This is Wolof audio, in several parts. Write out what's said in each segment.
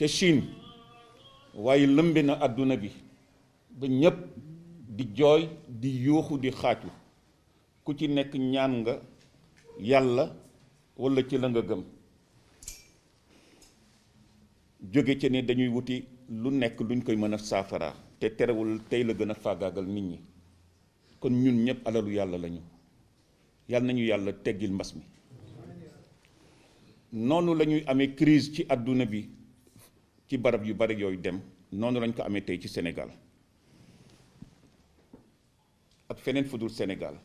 ca Chine waaye lëmbe na àdduna bi ba ñépp di jooy di yuuxu di xaaju ku ci nekk ñaan nga yàlla walla ci la nga gëm jóge ci ne dañuy wuti lu nekk luñ koy mën a saafara te terewul tey la gën a faagaagal nit ñi kon ñun ñëpp alalu yàlla lañu yàlla nañu yàlla teggil mbas mi noonu lañuy amee crise ci àdduna bi ci barab yu bari yooyu dem noonu lañ ko amee tey ci Sénégal ak feneen fu dul Sénégal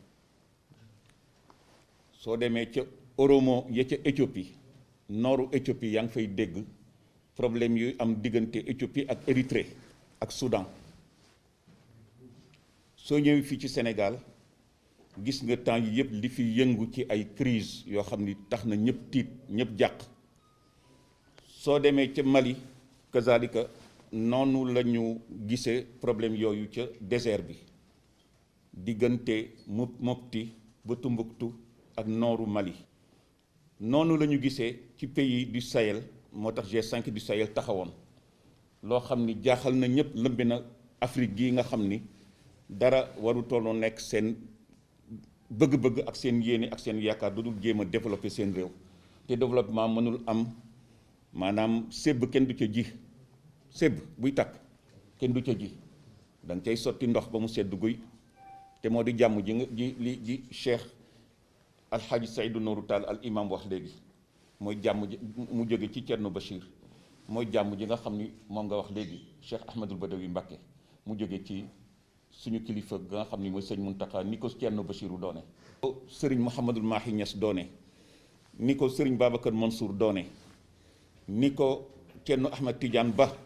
soo demee ca Oromo ya ca Éthiopie nooru Éthiopie yaa ngi fay dégg problème yu am diggante Éthiopie ak Érythrée ak sudan soo ñëwee fii ci Sénégal gis nga temps yi yëpp li fi yëngu ci ay crise yoo xam ni tax na ñëpp tiit ñëpp jàq soo demee ca Mali kazalika noonu la ñu gisee problème yooyu ca désert bi diggante Mopti ba Tumbuktu ak nooru Mali noonu la ñu gisee ci pays du Sahel moo tax G5 du Sahel taxawoon loo xam ni jaaxal na ñëpp lëmbi na Afrique gi nga xam ni dara waru tolloo nekk seen bëgg-bëgg ak seen yéene ak seen yaakaar du dul jéem a développer seen réew te développement mënul am maanaam sébb kenn du ca ji sëb buy takk kenn du ca ji da nga cay sotti ndox ba mu sedd guy te moo di jàmm ji nga ji li ji cheikh alxaaji saydu nooru taal al imam wax léegi mooy jàmm ji mu jóge ci Cerno Bachir mooy jàmm ji nga xam ni moom nga wax léegi cheikh ahmadul badawi Mbàkke mu jóge ci suñu kilifa nga xam ni mooy sëñ Muntaxa ni ko Cerno Bachiru doone sëriñ Mouhamadul Mahi Niass doone ni ko sëriñ Babacar Mansour doone ni ko Cerno Ahmad Tidiane Ba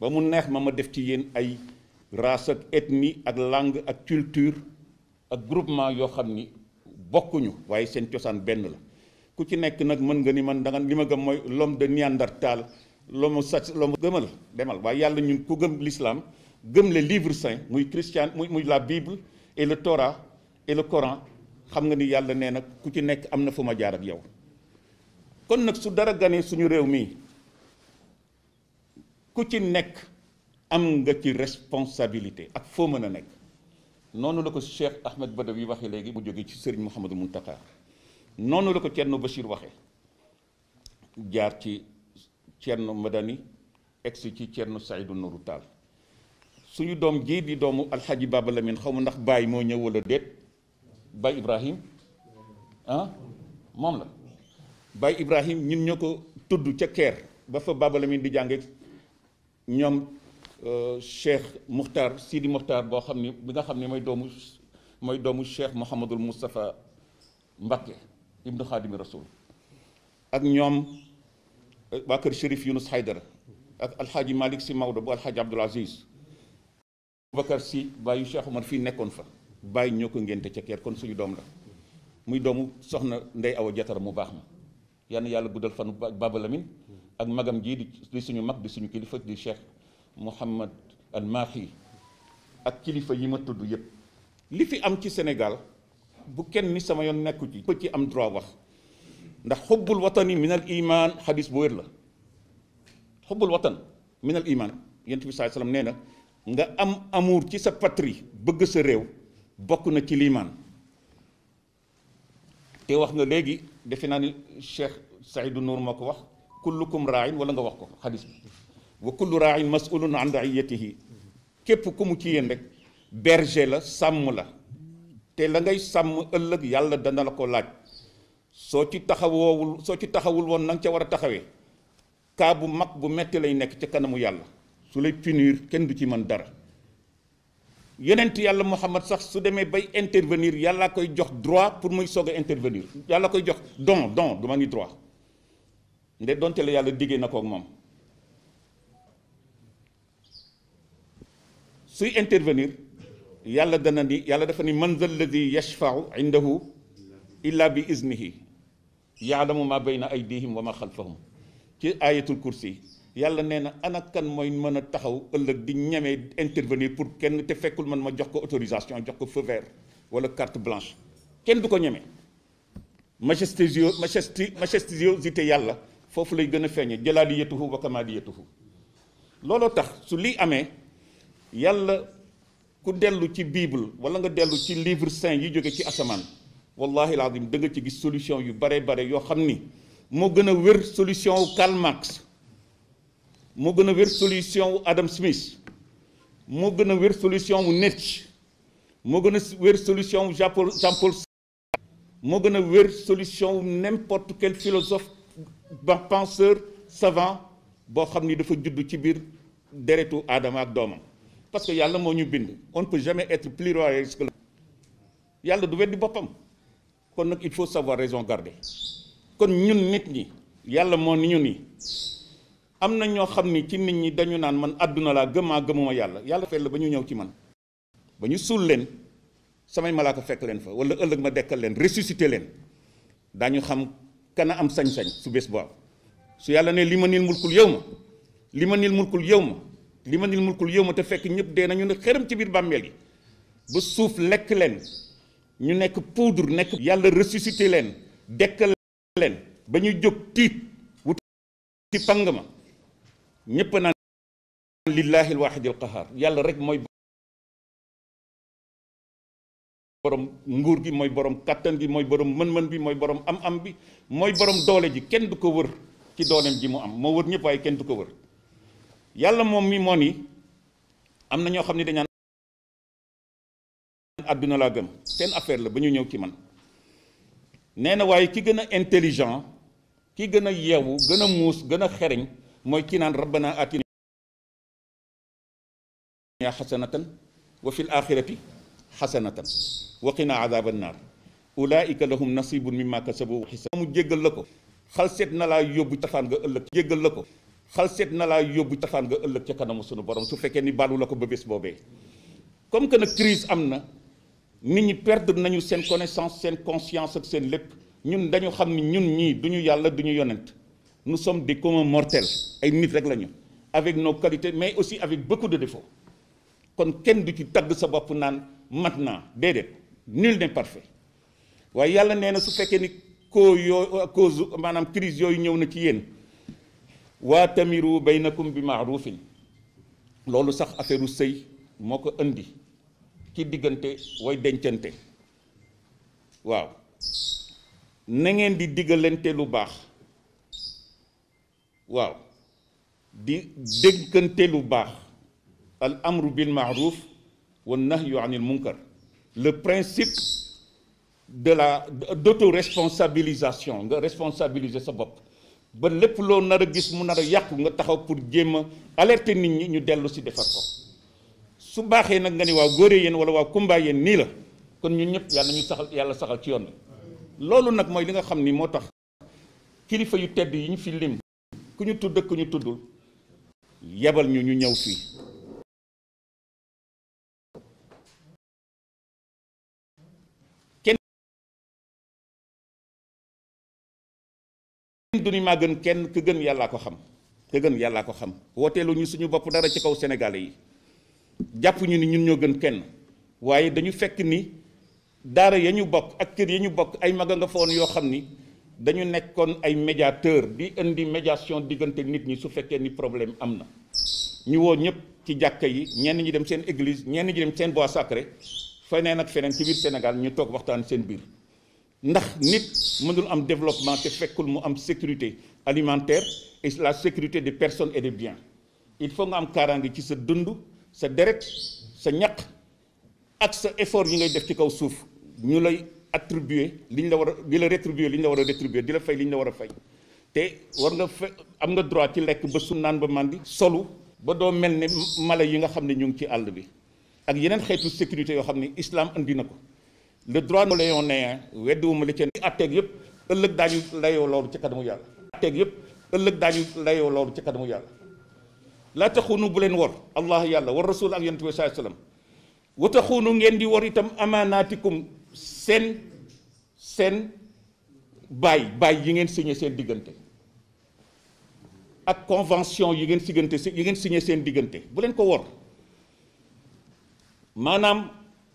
ba mu neex ma ma def ci yéen ay race ak ethnie ak langue ak culture ak groupement yoo xam ni bokkuñu waaye seen cosaan benn la ku ci nekk nag mën nga ni man da li ma gëm mooy l'homme de Néandertal l'homme sax l'homme gëmal demal waaye yàlla ñun ku gëm l'islam gëm le livre saint muy christian muy muy la Bible et le Torah et le xam nga ni yàlla nee na ku ci nekk am na fu ma jaar ak yow kon nag su dara ganee suñu réew mii ku ci nekk am nga ci responsabilité ak foo mën a nekk noonu la ko Cheikh Ahmed Badawi waxee léegi mu jóge ci Serigne Mouhamadou Mountakha noonu la ko Thierno Bachir waxee jaar ci Thierno Madani egsi ci Thierno Saïdou Nourou taal suñu doom ji di doomu alxaji Baba Lamine xaw ma ndax Baye moo ñëw wala déet Baye Ibrahim ah moom la Baye Ibrahim ñun ñoo ko tudd ca Caire ba fa Baba Lamine di jàngee ñoom Cheikh Moukhtar Sidi muhtar boo xam ni bi nga xam ne mooy doomu mooy Cheikh Mouhamadul Moustapha Mbacké ibnu Xaadimi Rasul ak ñoom bakar kër yunus haider Haydara ak alxaaji malik si Maodo bu alxaaji Abdoul Aziz Boubacar si bàyyi Cheikh Omar fii nekkoon fa bàyyi ñoo ko ngénte ca keer kon suñu doom la muy doomu soxna Ndey Awa Jatara mu baax ma yàlla guddal fan babalamin ak magam ji di suñu mag di suñu kilifa di Cheikh mohammed al Mahi ak kilifa yi ma tuddu yépp li fi am ci Sénégal bu kenn ni sama yoon nekku ci ko ci am droit wax ndax hubbul watani min al iman hadith bu wér la xubbul watan min al iman yent bi saai sallam nee na nga am amour ci sa patrie bëgg sa réew bokku na ci liman te wax nga léegi defe ni Cheikh Saïdou Nour moo wax kullukum raain wala nga wax ko xadis bi wa kullu raain masulun an raiyatihi képp ku mu ci yéen rek berger la sàmm la te la ngay sàmm ëllëg yàlla dana la ko laaj soo ci taxawoowul soo ci taxawul woon na nga ca war a taxawee kaa bu mag bu metti lay nekk ca kanamu yàlla su lay kenn du ci mën dara yonent yàlla Muhammad sax su demee bay intervenir yàlla koy jox droit pour muy soog a intervenir yàlla koy jox don don du ma ni droit nde donte la yàlla diggee na ko ak moom suy intervenir yàlla dana ni yàlla dafa ni man zal ladi yashfau indahu illa bi iznihi yaalamu ma bayna aydihim wa ma xalfahum ci ayatul kursi yàlla nee na ana kan mooy mën a taxaw ëllëg di ñemee intervenir pour kenn te fekkul man ma jox ko autorisation jox ko feu vert wala carte blanche kenn du ko ñemee majestueux majestueux majestuosité yàlla foofu lay gën a feeñe jalaadiyatuhu wa kamaadiyatuhu looloo tax su lii amee yàlla ku dellu ci biibul wala nga dellu ci livre saint yi jóge ci asamaan wallahi alazim da nga ci gis solution yu bare bare yoo xam ni moo gën a wér solution wu Karl Marx moo gën a wér solution wu Adam Smith moo gën a wér solution wu Nietzsche moo gën a wér solution wu Jean Paul Sartre moo gën a wér solution wu n'importe quel philosophe ba penseur savant bo xamni dafa judd ci bir deretu adam ak domam parce que yalla moo ñu bind on ne peut jamais être plus royaliste que yalla du weddi bopam kon nak il faut savoir raison garder kon ñun nit ñi yalla mo ni ñu ni amna ño xamni ci nit ñi dañu naan man àdduna laa gëmaa gëmuma yalla yalla fekk la ba ñu ci man bañu sul suul leen samay malaka fekk leen fa wala ëllëg ma dekkal leen ressuscité leen dañu xam kana am sañ-sañ su bés boobu su yàlla ne li ma nil mulkul yow ma li ma nil mulkul yow ma li ma nil mulkul yow ma te fekk ñëpp dee nañu ne xëram ci biir bàmmeel yi ba suuf lekk leen ñu nekk poudre nekk yàlla ressuscité leen dekkal leen ba ñu jóg tiit wuti pang ma ñëpp naan lillahi alwaahidil qahaar yàlla rek mooy borom nguur gi mooy borom kattan gi mooy borom mën-mën bi mooy borom am-am bi mooy borom doole ji kenn du ko wër ci dooleem ji mu am moo wër ñëpp waaye kenn du ko wër yàlla moom mi moo ni am na ñoo xam ne dañaan àdduna laa gëm seen affaire la ba ñu ñëw ci man nee na waaye ki gën a intelligent ki gën a yeewu gën a muus gën a xereñ mooy ki naan rabbana atina xasanatan wa xasanatan waqinaa adaba annaar ulaika lahum nasibun mimma kasabu xisaab mu jéggal la ko xal seet na laa yóbbu tafaan nga ëllëg jéggal la kanamu sunu borom su fekkee ni baalu la ko comme que nag crise amna, na nit ñi perdre nañu seen connaissance seen conscience ak seen lépp ñun dañu xam ni ñun ñii du ñu yàlla yonent nous sommes des communs mortels ay nit rek la avec nos qualités mais aussi avec beaucoup de défauts kon kenn du ci tagg sa bopp naan Maintenant, dedet nul n'est parfait waaye yàlla na su fekkee ni yo yoo cause euh, manam crise yooyu ñew na ci yeen wa tamiru bainakum bi maarufin loolu sax affaireu sey moko ko indi ci diggante way dencante waaw na ngeen di digalente lu baax waaw di lu baax al amru bil ma'ruf le principe de la d'auto-responsabilisation, de responsabiliser sa bopp ba lepp lo na a gis mu na a yàqu nga taxaw pour jéem alerter nit ñi ñu dellu ci defar ko su baxé nak nga ni wa góore yeen wala wa kumba yeen ni la kon ñun ñëpp yalla ñu saxal yalla saxal ci yoon bi loolu nag mooy li nga xamni ni moo tax kilifa yu tedd yi ñu fi lim ku ñu tudd ak ku ñu tuddul yebal ñu ñu ñëw fii duñu maa gën kenn ku gën yàllaa ko xam ku gën yàllaa ko xam wooteelu ñu suñu bopp dara ci kaw sénégalais yi jàpp ñu ni ñun ñoo gën kenn waaye dañu fekk ni daara ya ñu bokk ak kër ya ñu bokk ay mag a nga fa woon yoo xam ni dañu nekkoon ay médiateur di indi médiation diggante nit ñi su fekkee ni problème am na ñu woo ñëpp ci jàkka yi ñenn ñi dem seen église ñenn ñi dem seen bois sacré feneen ak feneen ci biir Sénégal ñu toog waxtaan seen biir ndax nit mënul am développement te fekkul mu am sécurité alimentaire et la sécurité des personnes et des biens il faut nga am kaaraange ci sa dund sa deret sa ñaq ak sa effort yi ngay def ci kaw suuf ñu lay attribuer liñ la war a di la rétribuer liñ la war a rétribuer di la fay liñ la war a fay te war nga am nga droit ci lekk ba su naan ba mandi solu ba doo mel ne mala yi nga xam ne ñu ngi ci àll bi ak yeneen xeetu sécurité yoo xam ne islam andi na ko le droit napoléonien ne ah weddiwuma li ci atteeg yëpp ëllëg daañu layoo loolu ci kanamu yàlla. atteeg yëpp ëllëg daañu layoo loolu ci kanamu yàlla laa taxunu bu leen wor allah yàlla war rasul ak yonent bi saa sallam ngeen di wor itam amaanaatikum seen seen baay baay yi ngeen signé seen diggante ak convention yi ngeen siggante yi ngeen signé seen diggante buleen ko wor maanaam.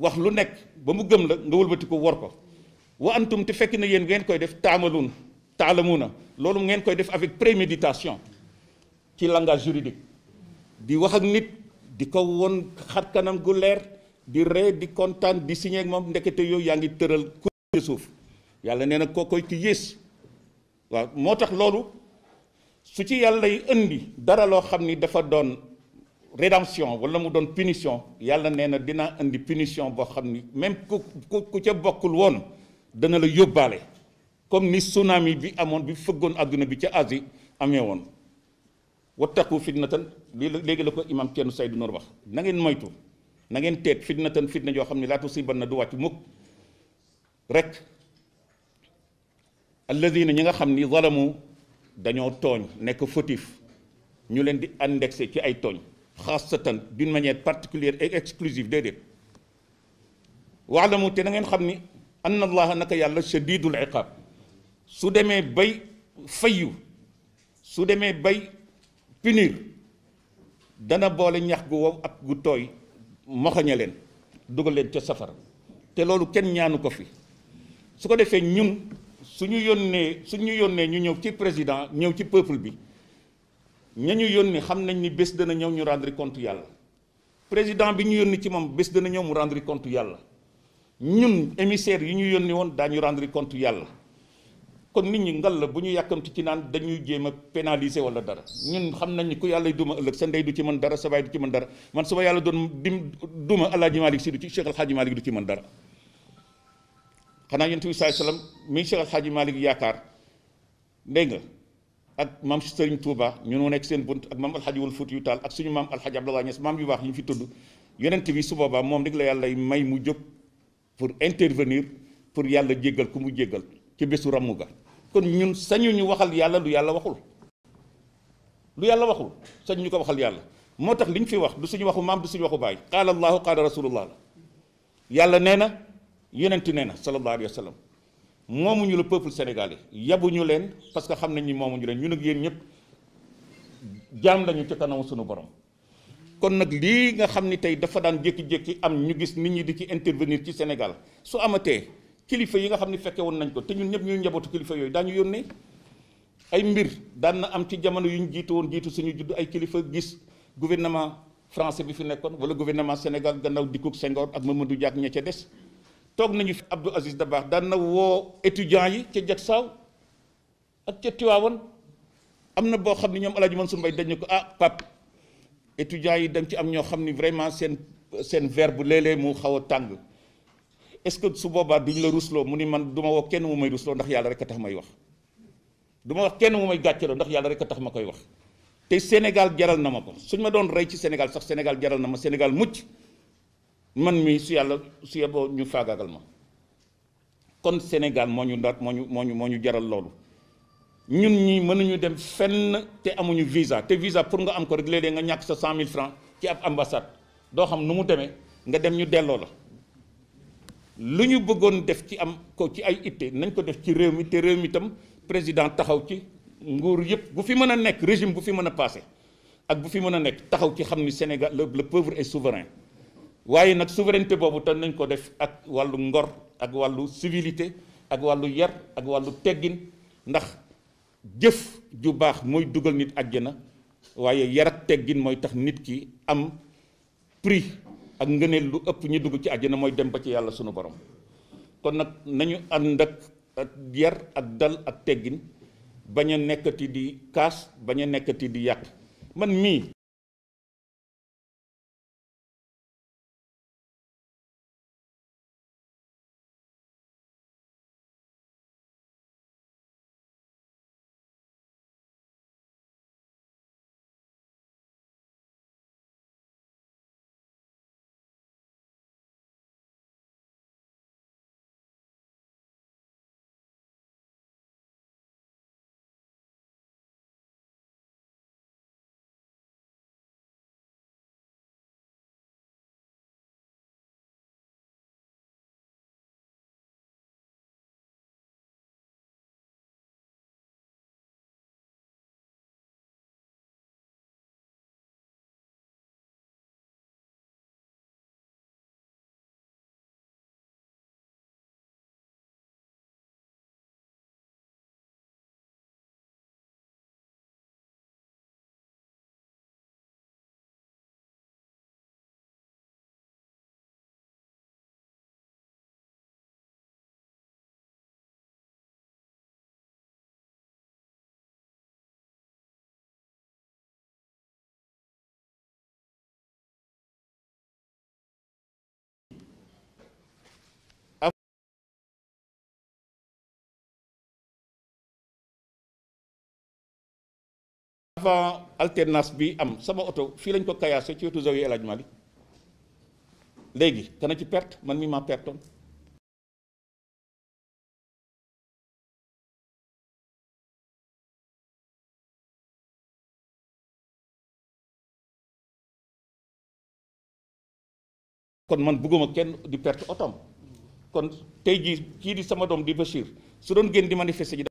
wax lu nek ba mu gëm la nga wëlbati ko wor ko wa antum te fekk na yeen ngeen koy def tamalun talamuna loolu ngeen koy def avec préméditation ci langage juridique di wax ak nit di ko won xat kanam gu leer di re di contane di signer ak mom ndekete yo yaangi teural ko ci suuf yalla nee ko koy ki yes wa motax lolou su ci yalla yi indi dara lo xamni dafa don rédemption wala mu doon punition yàlla nee na dina punition boo même ca dana la comme ni tsunami bi amoon bi fëggoon àdduna bi ca Asie amee wattaqu fitnatan léegi ko imam Seydou na ngeen moytu na ngeen teet fitnatan fitna du rek zalamu di ci ay xaasatan d'une manière particulière et exclusive déedéet waalamu te na ngeen xam ni anna allaha naka yàlla shadidul iqab su demee bay fayyu su demee bay punir dana boole ñax gu wow ak gu tooy moxoña leen dugal leen ca safara te loolu kenn ñaanu ko fi su ko defee ñun su ñu yónnee su ñu yónnee ñu ñëw ci président ñëw ci peuple bi ña ñu yónni xam nañ ni bés dana ñëw ñu rendre compte yàlla président bi ñu yónni ci moom bés dana ñëw mu rendre compte yàlla ñun émissaires yi ñu yónni woon daa daañu rendre compte yàlla kon nit ñi ngal la bu ñu yàkkamti ci naan dañuy jéem a pénaliser wala dara ñun xam nañ ni ku yàlla duma ëllëg sa ndey du ci mën dara sa baay du ci man dara man su ma yàlla doon dim duma alaaji Malick si du ci Cheikh Alxaaji Malick du ci man dara xanaa yonent bi sa alayhi wasallam mi Cheikh yaakaar dégg nga ak mam Serigne Touba ñu no nek seen bunt ak maam alxaj wul fut yu tal ak suñu maam alxaj Abdoulaye Niass mam yu bax ñu fi tudd yonent bi su boba mom rek la yàlla may mu jóg pour intervenir pour yàlla jéggal ku mu jéggal ci bésu ràmmu ga kon ñun sañu ñu waxal yàlla lu yàlla waxul lu yàlla waxul sañu ñu ko waxal yàlla motax liñ fi wax du suñu waxu mam du suñu waxu bay qala allah qala rasulullah yàlla neena na yonent neena sallallahu alayhi wasallam moomuñu la peuple sénégalais yabuñu leen parce que xam nañ ni ñu leen ñun ak yéen ñëpp jaam lañu ci kanamu suñu borom kon nag lii nga xam ni tey dafa daan jékki-jékki am ñu gis nit ñi di ci intervenir ci Sénégal su amatee kilifa yi nga xam ni fekke woon nañ ko te ñun ñëpp ñuy njabootu kilifa yooyu daañu yónnee ay mbir daan na am ci jamono yu ñu jiitu woon jiitu suñu juddu ay kilifa gis gouvernement français bi fi nekkoon wala gouvernement Sénégal gannaaw dikkug Senghor ak Mamadou Diack ña ca des. toog nañu fi Abdou Aziz Dabakh daan na woo étudiants yi ca jag saaw ak ca Tiwaawan am na boo xam ne ñoom Alaaji Mansour Mbaye dañ ne ko ah pap étudiants yi dem ci am ñoo xam ni vraiment seen seen verbe bu léeg mu xaw a tàng est-ce que su boobaa duñ la rusloo mu ni man duma ma woo kenn mu may rusloo ndax yàlla rek a tax may wax du ma wax kenn mu may gàcceloo ndax yàlla rek a tax ma koy wax te Sénégal jaral na ma ko suñ ma doon rey ci Sénégal sax Sénégal jaral na ma Sénégal mucc man mi su yàlla su yeboo ñu faagaagal ma kon Sénégal moo ñu ndaat moo ñu moo ñu moo ñu jaral loolu ñun ñi mënuñu dem fenn te amuñu visa te visa pour nga am ko rek léeg nga ñàkk sa cent mille francs ci ab ambassade doo xam nu mu demee nga dem ñu delloo la lu ñu bëggoon def ci am ko ci ay itte nañ ko def ci réew mi te réew mi itam président taxaw ci nguur yëpp bu fi mën a nekk régime bu fi mën a passé ak bu fi mën a nekk taxaw ci xam ni Sénégal le le pauvre est waaye nag souveraineté boobu tan nañ ko def ak wàllu ngor ak walu civilité ak walu yar ak walu teggin ndax jëf ju baax mooy dugal nit àjjana waaye yar ak teggin mooy tax nit ki am prix ak ngëneel lu ëpp ñi dugg ci àjjana mooy dem ba ci yàlla sunu borom kon nag nañu ànd ak yar ak dal ak teggin bañ a nekkati di kaas bañ a nekkati di yàq man mii avant alternance bi am sama auto fi lañ ko kayasse ci auto zawi eladj Hadj legui léegi kana ci perte man mi ma perton kon man bëgguma kenn di perte otom kon tay ji ki di sama dom di bashir su doon génn di manifester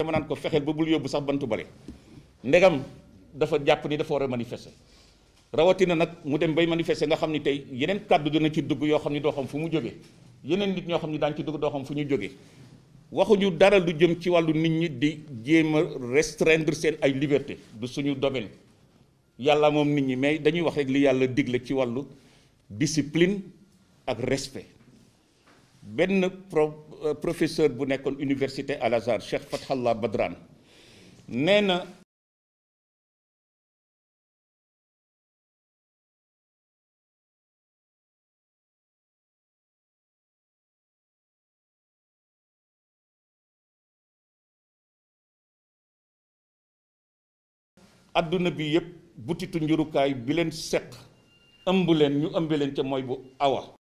dama naan ko fexeel ba bul yóbbu sax bantu bale ndegam dafa jàpp ni dafa wara a rawatina nag mu dem bay manifester nga xam ni tey yeneen kàddu dina ci dugg yoo xam ni doo xam fu mu jógee yeneen nit ñoo xam ni daan ci dugg doo xam fu ñu jógee waxuñu dara lu jëm ci wàllu nit ñi di jéem a restreindre seen ay liberté du suñu domaine yàlla moom nit ñi mais dañuy wax rek li yàlla digle ci wàllu discipline ak respe benn pro Euh, professeur bu nekkoon université Al Azhar na adduna bi yëpp butitu njurukaay bi leen seq ëmb leen ñu ëmb leen ca mooy bu awa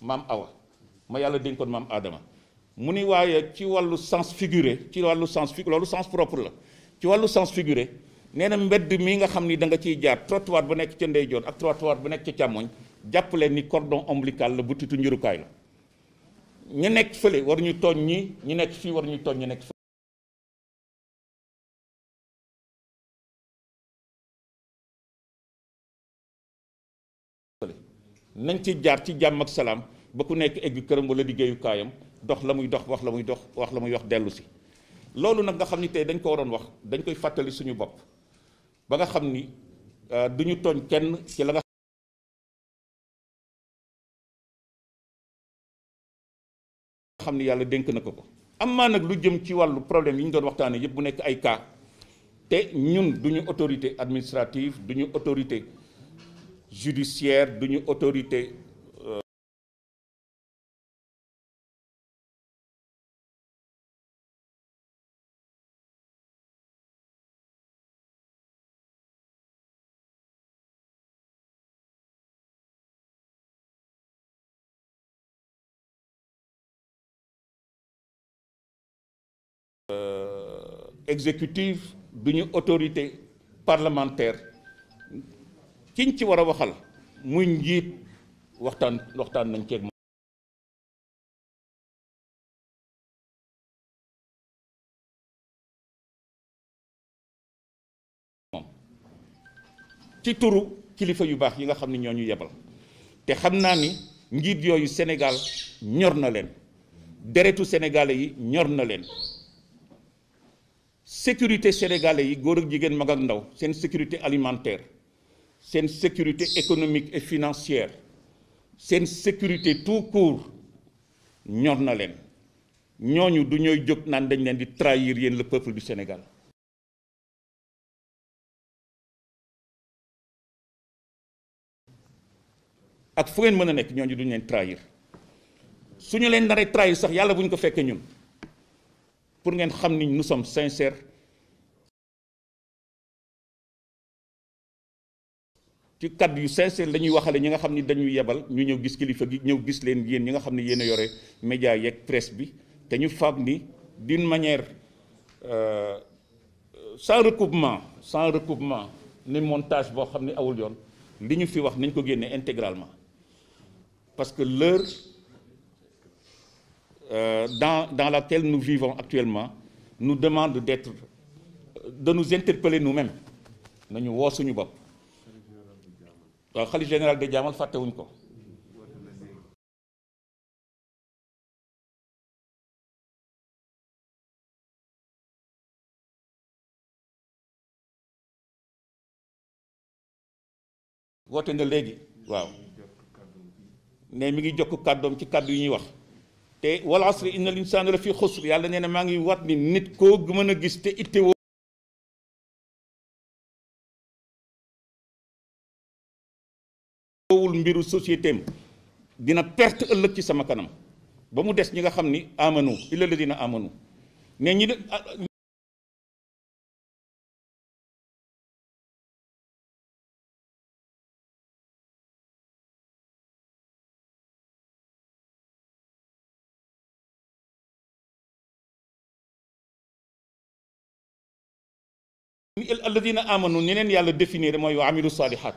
Mam awa ma yàlla dénkoon maam aadama mu ni waaye ci wàllu sens figuré ci lu sens fi lu sens propre la ci wàllu sens figuré nee bed mbedd mi nga xam ni da nga ciy jaar trottoir bu nekk ca ndeyjoor ak trottoir bu nekk ca càmmoñ jàpp leen ni cordon ombilical la bu titu njurukaay la ñu nekk fële war ñu tooñ ñi ñu nekk fi war ñu ñu nañ ci jaar ci jàmm ak salaam ba ku nekk egg këram wala liggéeyukaayam dox la muy dox wax la muy dox wax la muy wax dellu si loolu nag nga xam ni tey dañ ko waroon wax dañ koy fàttali suñu bopp ba nga xam ni euh, duñu ñu tooñ kenn ci la nga xam ni yàlla dénk na ko ko am naa nag lu jëm ci wàllu problème yi ñu doon waxtaanee yëpp bu nekk ay cas te ñun du autorité administrative du ñu autorité judiciaire d'une autorité euh, exécutive d'une autorité parlementaire kiñ ci war a waxal muy njiit waxtaan waxtaan nañ ceeg moom ci turu kilifa yu baax yi nga xam ne ñoo ñu yebal te xam naa ni njiit yooyu Sénégal ñor na leen deretu sénégalais yi ñor na leen sécurité sénégalais yi góor ak jigéen mag ak ndaw seen sécurité alimentaire C'est une sécurité économique et financière C'est une sécurité tout court Nous, na leen ñooñu du ñooy jóg naan trahir le peuple du Sénégal ak fu ngeen mën que nous ñooñu duñ leen trahir su ñu leen naree trahir sax yàlla bu ñu ko fekkee ñun pour ngeen xam ni nous sommes sincères ci cadre yu sincère waxale dañuy yebal ñu gis kilifa gi gis leen presse bi ñu d'une manière euh, sans recoupement sans recoupement ni montage boo xam awul intégralement parce que l'heure euh, dans laquelle nous vivons actuellement nous demande de nous interpeller nous-mêmes waaw xalif général de Jaamal fàttewuñ ko woote na léegi waaw ne mi ngi jokk kàddoom ci kàddu yi ñuy wax te wal asri innal insaana la fi xusr yàlla nee na maa ngi wat ni nit koo mën a gis te ittewoo mbiru société am dina perte kanam ba mu des ñi nga xam ni amanu illa la dina ah, yàlla définir mooy wa amilu salihat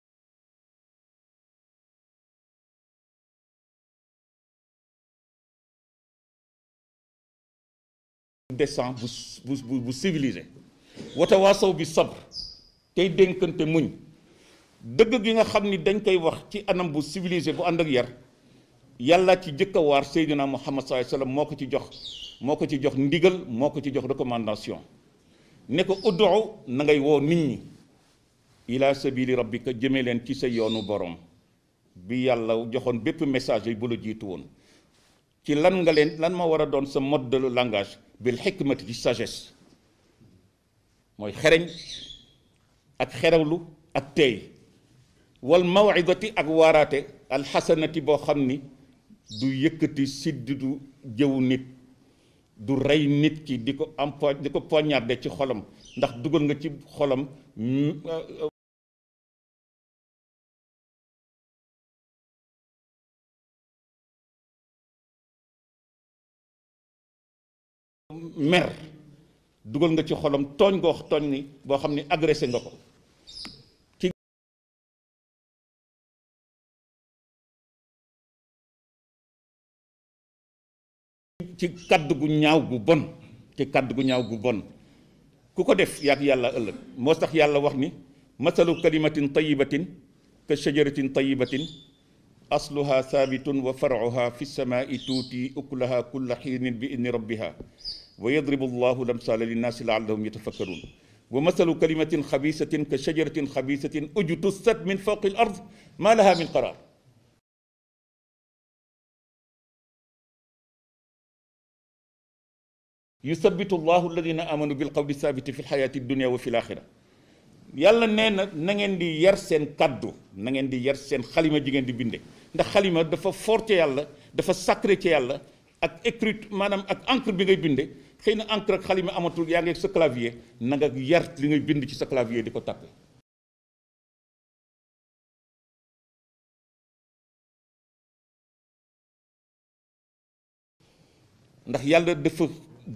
décent bu bu bu civilisé watawaasaw bi sabr tey dénkante muñ dëgg gi nga xam ni dañ koy wax ci anam bu civilisé bu ànd ak yar yàlla ci jëkk a waar Seydina Muhammad sallallahu alayhi wa sallam moo ko ci jox moo ko ci jox ndigal moo ko ci jox recommandation ne ko uddu na ngay woo nit ñi ila sabili rabbika jëmee leen ci sa yoonu borom bi yàlla joxoon bépp message yi bu la jiitu woon ci lan nga leen lan ma war a doon sa mode de langage bil xikmati ci sagesse mooy xereñ ak xerewlu ak tey wal mawidati ak waaraate alxasanati boo xam ni du yëkkati siddidu jëwu nit du rey nit ki di ko empo di ko poignarder ci xolam ndax dugal nga ci xolam mer dugal nga ci xolam togn go tooñ ni bo xamni ni nga ko ci kaddu gu ñaaw gu bon ci kaddu gu ñaaw gu bon ku ko def yak yalla mo tax yalla wax ni masalu kalimatin tayyibatin, ka shajaratin tayibatin asluha sabitun wa far'uha fi samai tuti ukulaha kulla hinin bi rabbiha ويضرب الله الأمثال للناس لعلهم يتفكرون ومثل كلمة خبيثة كشجرة خبيثة أجتثت من فوق الأرض ما لها من قرار يثبت الله الذين آمنوا بالقول الثابت في الحياة الدنيا وفي الآخرة يلا نين نين دي يرسن كادو نين دي يرسن خليمة جيجن دي بندي دا خليمة دفا فورتي يلا دفا ساكري يلا اكريت مانام اك انكر بيجي بندي xëy na encre ak amatul yaa ngi ak sa clavier na yar li ngay bind ci sa clavier di ko tàppe ndax yàlla dafa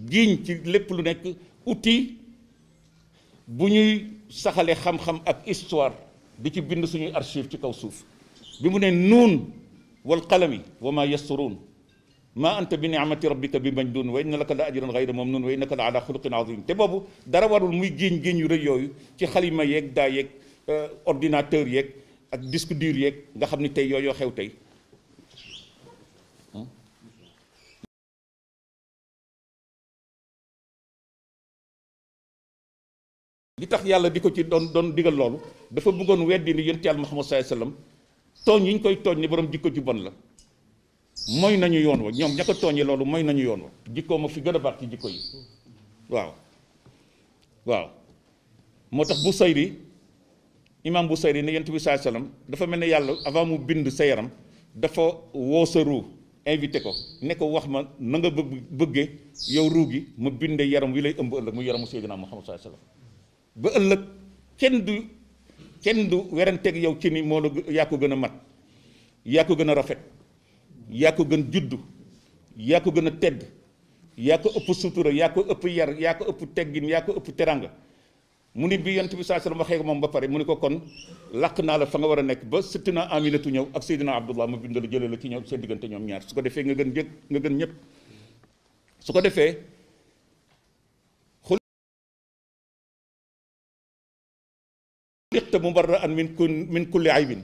giiñ ci lépp lu nekk uti bu ñuy saxalee xam-xam ak histoire di ci bind suñuy archive ci kaw suuf bi mu ne nuun wal qalami wa ma yasturuun ما انت بنعمه ربك بمجنون وان لك لاجرا غير ممنون وانك لعلى خلق عظيم تي بوبو دارا وارول موي جين جين يو ري يوي تي خليما ييك دا ييك اورديناتور ييك اك ديسك دور ييك غا خامني تي يويو خيو تي li tax yalla diko ci don don digal lolou dafa bëggoon wéddi ni yëne ci al muhammad sallallahu alayhi wasallam togn yiñ koy togn ni borom diko ci bon la mooy nañu yoon wa ñoom ña ko tooñee loolu mooy nañu yoon wa jikkoo ma fi gën a baax ci jikko yi waaw waaw moo tax bu sayri imaam bu sayri ne yent bi saa salaam dafa mel ne yàlla avant mu bind sa yaram dafa woo sa ruu invité ko ne wax ma na nga bëggee yow ruu gi ma binde yaram wi lay ëmb ëllëg mu yaramu Seydina Muhammad saa salaam ba ëllëg kenn du kenn du weranteeg yow ci ni moo la yaa ko gën a mat yaa ko gën a rafet yaa ko gën juddu yaa ko gën a tedd yaa ko ëpp sutura yaa ko ëpp yar yaa ko ëpp teggin yaa ko ëpp teranga mu ni bi yant bi saa sallam waxee ko moom ba pare mu ni ko kon làq naa la fa nga war a nekk ba sëttina aminatu ñëw ak seydina abdullah ma bindalu jëlee la ci ñëw seen diggante ñoom ñaar su ko defee nga gën jëkk nga gën ñëpp su ko defee xuliqta mubarra'an min min kulli aybin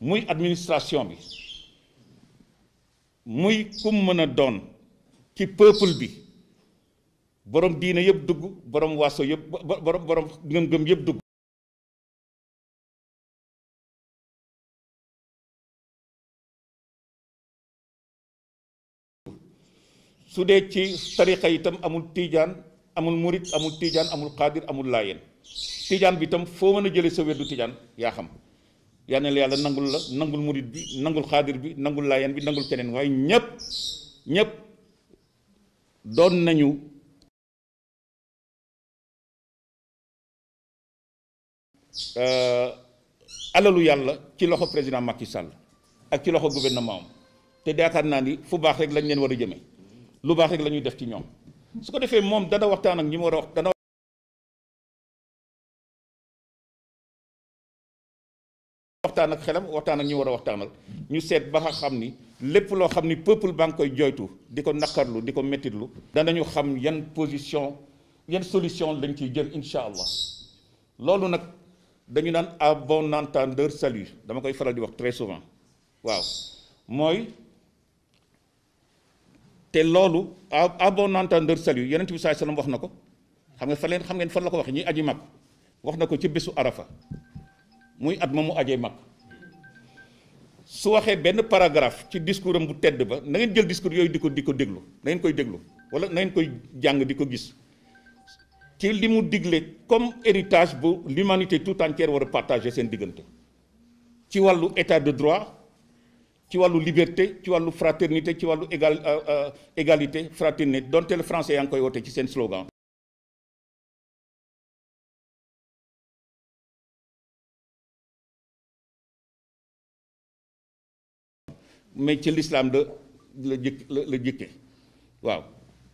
muy administration bi muy kum mën a doon ci peuple bi borom diine yëpp dugg borom waaso yëpp borom borom ngëm-ngëm yëpp dugg. su dee ci tarixa yi itam amul tiijaan amul murit amul tiijaan amul xaadir amul laayeen tiijaan bi itam foo mën a jëlee sa weddu tiijaan yaa xam. yal na la yàlla nangul la nangul murit bi nangul xaadir bi nangul laayeen bi nangul keneen waaye ñëpp ñëpp doon nañu euh, alalu yàlla ci loxo président Macky Sall ak ci loxo gouvernement am te yaakaar naa ni fu baax rek lañ leen war a jëmee lu baax rek la ñuy def ci ñoom su ko defee moom dana waxtaan ak ñi mu war a wax waxtaan ak xelam waxtaan ak ñu war a waxtaanal ñu seet ba nga xam ni lépp loo xam ni peuple baa ngi koy joytu di ko naqarlu di ko mettitlu danañu xam yan position yan solution lañ ciy jël incha allah loolu nag dañu naan à bon entendeur salut dama koy faral di wax très souvent waaw mooy te loolu à bon entendeur salut yonent bi saai sallam wax na ko xam nga fa leen xam ngeen fan la ko wax ñi aji mag wax na ko ci bésu arafa muy at ma mu ajee mag su waxee benn paragraphe ci discours am bu tedd ba na jël discours yooyu di ko di ko déglu na koy déglu wala na koy jàng di ko gis ci li mu digle comme héritage bu l'humanité tout entière war a partager seen diggante ci wàllu état de droit ci wàllu liberté ci wàllu fraternité ci wàllu égal euh, euh, égalité fraternité donte le français yaa ngi koy woote ci seen slogan mais ci lislaam la la jëkk la la jëkke waaw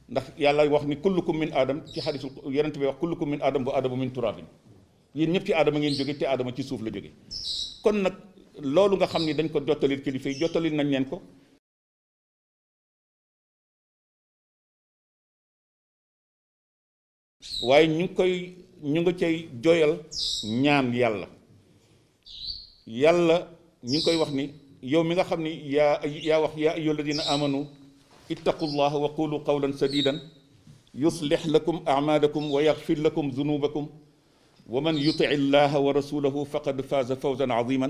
ndax yàlla wax ni kullukum min aadam ci xadisu yonent bi wax kullukum min aadam wa aadama min turaabin yéen ñëpp ci aadama ngeen jóge te aadama ci suuf la jóge kon nag loolu nga xam ni dañ ko jottalil kilifa yi jottalil nañ leen ko waaye ñu ngi koy ñu nga cay joyal ñaan yàlla yàlla ñu ngi koy wax ni يوم ذا خمني يا أي يا وحي يا أيها الذين آمنوا اتقوا الله وقولوا قولا سديدا يصلح لكم أعمالكم ويغفر لكم ذنوبكم ومن يطع الله ورسوله فقد فاز فوزا عظيما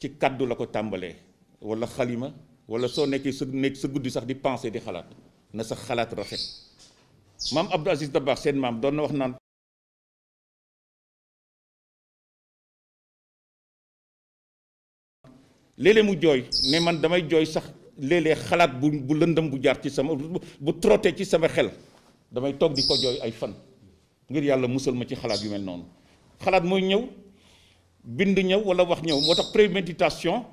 تي كادو لاكو تامبالي ولا خليمة ولا سو نيكي سو نيك سو غودي صاح دي بانسي دي خلات نسا خلات رافيت مام عبد العزيز دبار سين مام دون وخ نان léeg mu jooy ne man damay jooy sax léeg xalaat bu bu lëndëm bu jaar ci sama bu trotte ci sama xel damay toog di ko jooy ay fan ngir yàlla musal ma ci xalaat yu mel noonu xalaat mooy ñëw bind ñëw wala wax ñëw moo tax préméditation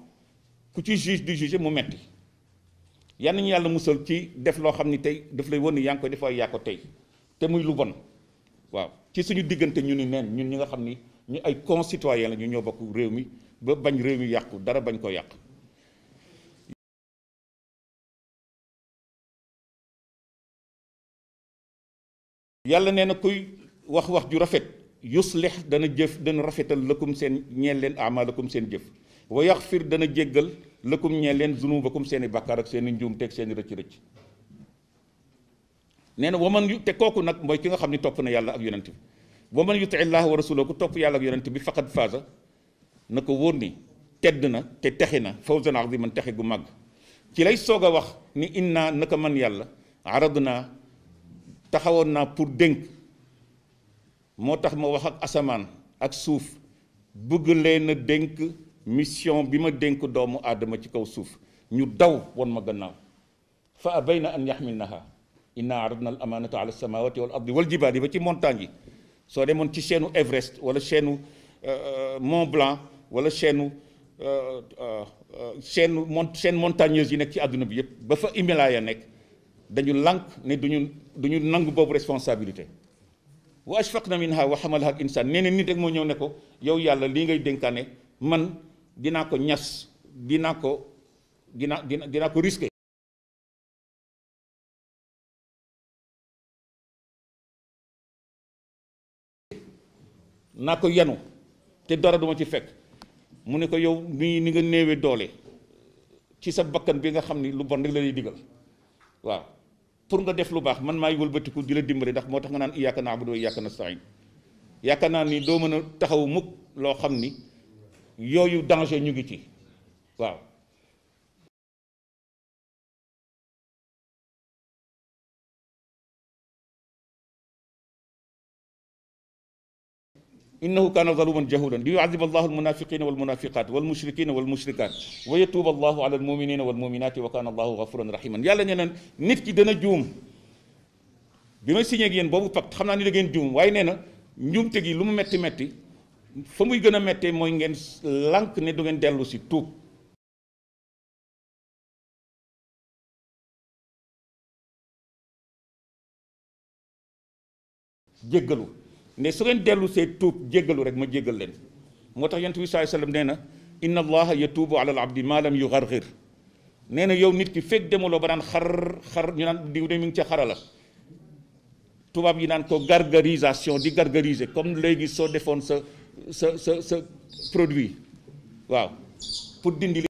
ku ci juge du juger mu metti yal nañu yàlla musal ci def loo xam ni tey daf lay wan ni yaa ngi koy def yaa ko tey te muy lu bon waaw ci suñu diggante ñu ni neen ñun ñi nga xam ni ñu ay concitoyens la ñu ñoo bokk réew mi ba bañ réew mi yàqu dara bañ ko yàq yàlla nee na kuy wax wax ju rafet yuslix dana jëf dana rafetal la kum seen ñeel leen amalakum seen jëf wa fiir dana jéggal lëkkum ñeel leen zunubakum seeni bàkkaar ak seeni njuum teg seeni rëcc rëcc nee na waman te kooku nag mooy ki nga xam ni topp na yàlla ak yonent bi ومن يطع الله ورسوله كتوب يالا يونت بي فقد فاز نكو ورني تدنا تتخنا فوزا عظيما تخي غماغ كي لاي سوغا واخ ني انا نكا من يالا عرضنا تخاورنا بور دينك موتاخ ما واخ اسمان اك سوف بوغ لين دينك ميسيون بيما دينك دومو ادمه سي كو سوف ني داو وون ما غناو فابين ان يحملنها انا عرضنا الامانه على السماوات والارض والجبال بتي مونتاجي soo demoon ci chaîne Everest wala chaîne euh, euh, Mont Blanc wala chaîne euh, chaîne mont chaîne montagneuse yi nekk ci àdduna bi yëpp ba fa Himalaya nekk dañu lànk ne duñu duñu nangu boobu responsabilité wa ashfaqna minha wa hamalaha al insan nee nit rek moo ñëw ne ko yow yàlla lii ngay dénkaane man dinaa ko ñas dinaa ko dina dina ko risqué naa ko yanu te dara duma ci fekk mu ne ko yow ni ni nga néewee doole ci sa bakkan bi nga xam ni lu bon rek la lay digal waaw pour nga def lu baax man maay wëlbatiku di la dimbali ndax moo tax nga naan iyyaaka na'budu wa na nasta'iin yaakaar naa ni doo mën a taxaw mukk loo xam ni yooyu danger ñu ngi ci waaw إنه كان ظلوما جهولا ليعذب الله المنافقين والمنافقات والمشركين والمشركات ويتوب الله على المؤمنين والمؤمنات وكان الله غفورا رحيما يالا نينا نيت كي دنا جوم بما سيني ak yeen bobu خمنا xamna ni da ngeen joom waye neena njumte متي lu mu metti metti fa muy gëna metti moy ngeen lank ne du ne su ngeen dellu see tuub jéggalu rek ma jéggal leen moo tax yonent bi la sallam nee na inna allaha yatuubu ala al abdi ma lam yugargir nee na yow nit ki fekk demuloo ba daan xar xar ñu naan diw de mi ngi ca xarala tubaab yi naan ko gargarisation di gargariser comme léegi soo defoon sa sa sa sa produit waaw pour dindi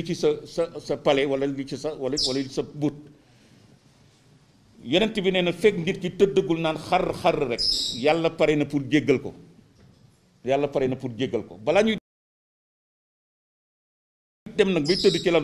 li ci sa sa sa palais wala ci sa walla wala li sa buut yonent bi nee na fekk nit ki tëddagul naan xar xar rek yàlla pare na pour jéggal ko yàlla pare na pour jéggal ko balaa ñuy dem nag bay tëdd ci la